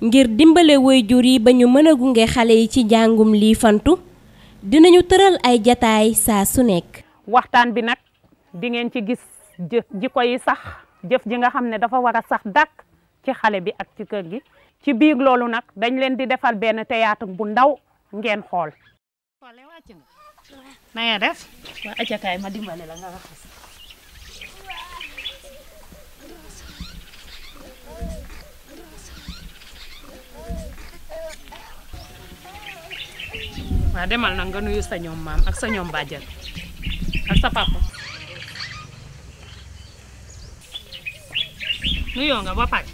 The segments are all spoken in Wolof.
ngir dimbale woy jur yi ba ñu mën a gunge xale yi ci njàngum lii fantu dinañu tëral ay jataay saa su nekk. waxtaan bi nag di ngeen ci gis jëf jikko yi sax jëf ji nga xam ne dafa war a sax dàkk ci xale bi ak ci kër gi ci biir loolu nag dañ leen di defal benn théâtre bu ndaw ngeen xool. na nga ma dimbale la waaw demal nag nga nuyu sa ñoom maam ak sa ñoom bàjjen ak sa papa nuyoo nga ba pare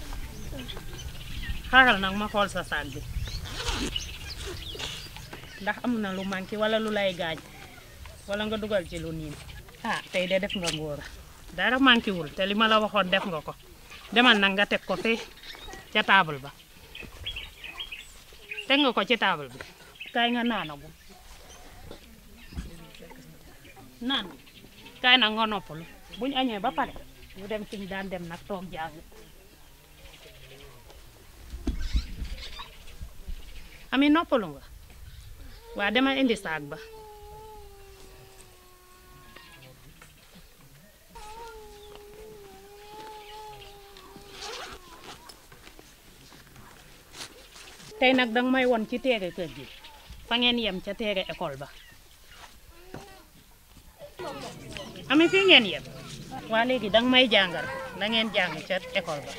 xaaral nag ma xool sa saag bi ndax am na lu manqué walla lu lay gaañ wala nga dugal ci lu niin ah tey de def nga ngóora dara manqué te li ma la waxoon def nga ko demal nag nga teg ko fee ca table ba teg nga ko ci table bi kaay nga naanagum naan kaay nag nga noppalu bu ñu añee ba pare ñu dem fi ñu daan dem nag toog jàng ami noppalu nga waa dama indi saag ba tey nag danga may won ci teege kër gi fa ngeen yem ca teere école ba amee fii ngeen yem waa léegi danga may jàngal da ngeen jàng ca école ba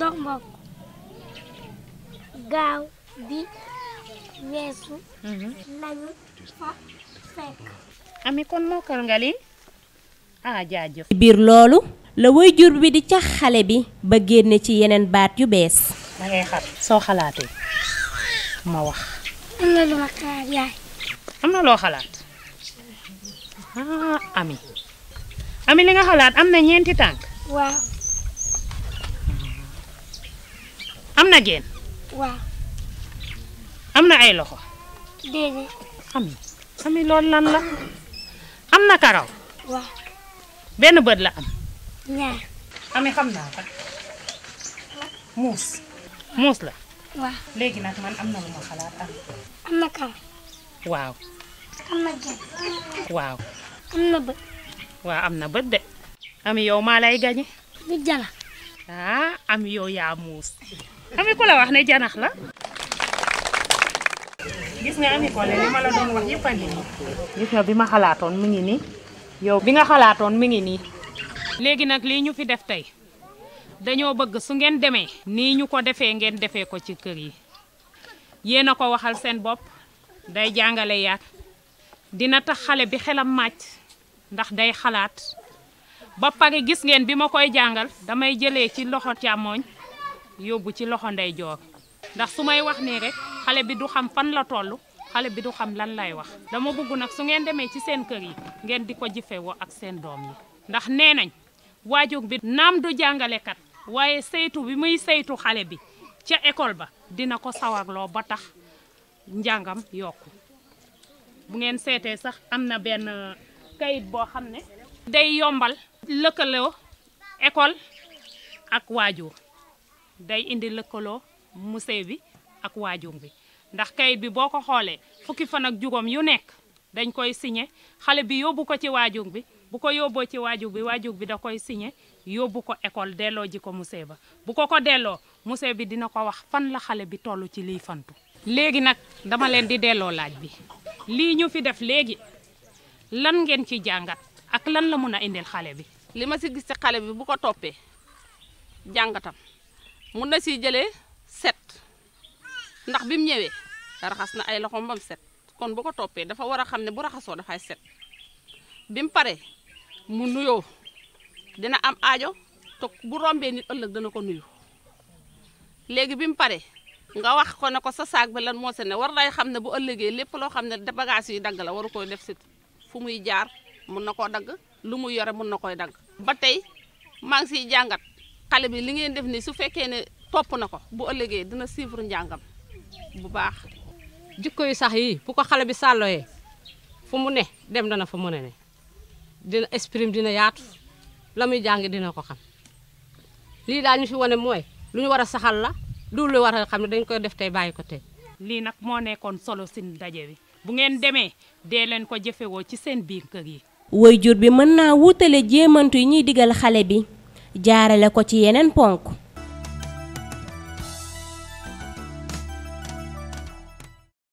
dox mbokk gaaw bi weesu mhm. lañu fa fekk ami kon mokkal nga li ah jaajëf biir loolu la waajur bi di ca xale bi ba génne ci yeneen baat yu bees da ngay soo xalaatee ma wax am na loo xalaat ah ami ami li nga xalaat am na ñeenti tànk. am na geen. am na ay loxo. déedéet. ami ami lan la am na karaw. benn bët la am. ñaar. muus muus la. waaw léegi nag man am na lu ma xalaat am. am na kaw. waaw. na jën. waaw. am na bët. waaw am na bët de. ami yow maa lay gañe. ni jana. ah ami yow yaa muus. ami ku la wax ne janax la. gis nga ami ko li ma la doon wax yëpp a ngi nii. gis nga bi ma xalaatoon mi ngi nii. yow bi nga xalaatoon mi ngi nii. léegi nag lii ñu fi def tey. dañoo bëgg su ngeen demee nii ñu ko defee ngeen defee ko ci kër yi yéen a ko waxal seen bopp day jàngale yaat dina tax xale bi xelam màcc ndax day xalaat ba pare gis ngeen bi ma koy jàngal damay jëlee ci loxo càmmooñ yóbbu ci loxo ndeyjoor ndax su may wax nii rek xale bi du xam fan la toll xale bi du xam lan lay wax dama bëgg nag su ngeen demee ci seen kër yi ngeen di ko jëfewoo ak seen doom yi ndax nee nañ waajur bi naam du jàngalekat waaye saytu bi muy saytu xale bi ca école ba dina ko sawarloo ba tax njàngam yokk bu ngeen seetee sax am na benn kayit boo xam ne day yombal lëkkaloo école ak waajur day indi lëkkaloo musée bi ak waajur bi ndax kayit bi boo ko xoolee fukki fan ak juróom yu nekk dañ koy signé xale bi yóbbu ko ci waajur bi bu ko yóbboo ci waajur bi waajur bi da koy signé yóbbu ko école delloo ji ko musée ba bu ko ko delloo musée bi dina ko wax fan la xale bi toll ci liy fantu. léegi nag dama leen di delloo laaj bi lii ñu fi def léegi lan ngeen ci jàngat ak lan la mun a indil xale bi. li ma si gis ci xale bi bu ko toppee jàngatam mun na si jëlee set ndax bi mu ñëwee raxas na ay loxoom bam set kon bu ko toppee dafa war a xam ne bu raxasoo dafay set bi mu paree. mu nuyoo dina am aajo te bu rombee nit ëllëg dana ko nuyu léegi bi mu pare nga wax ko ne ko sa saag bi lan moo se ne war lay xam ne bu ëllëgee lépp loo xam ne bagage yi dagg la waru koy def sit fu muy jaar mun na koo dagg lu muy yore mun na koy dagg. ba tey maa ngi siy jàngat xale bi li ngeen def nii su fekkee ne topp na ko bu ëllëgee dina suivre njàngam bu baax. jikko yi sax yi bu ko xale bi sàlloyee fu mu ne dem dana fa mu ne ne. dina exprime dina yaatu la muy jàng dina ko xam lii daal ñu fi wane mooy lu ñu war a saxal la du lu war a xam ne dañ koy def tey bàyyi ko tey. lii nag moo nekkoon solo si daje bi bu ngeen demee dee leen ko jëfewoo ci seen biir kër yi. woyjur bi mën naa wutale jéemantu yi ñuy digal xale bi jaarale ko ci yeneen ponk.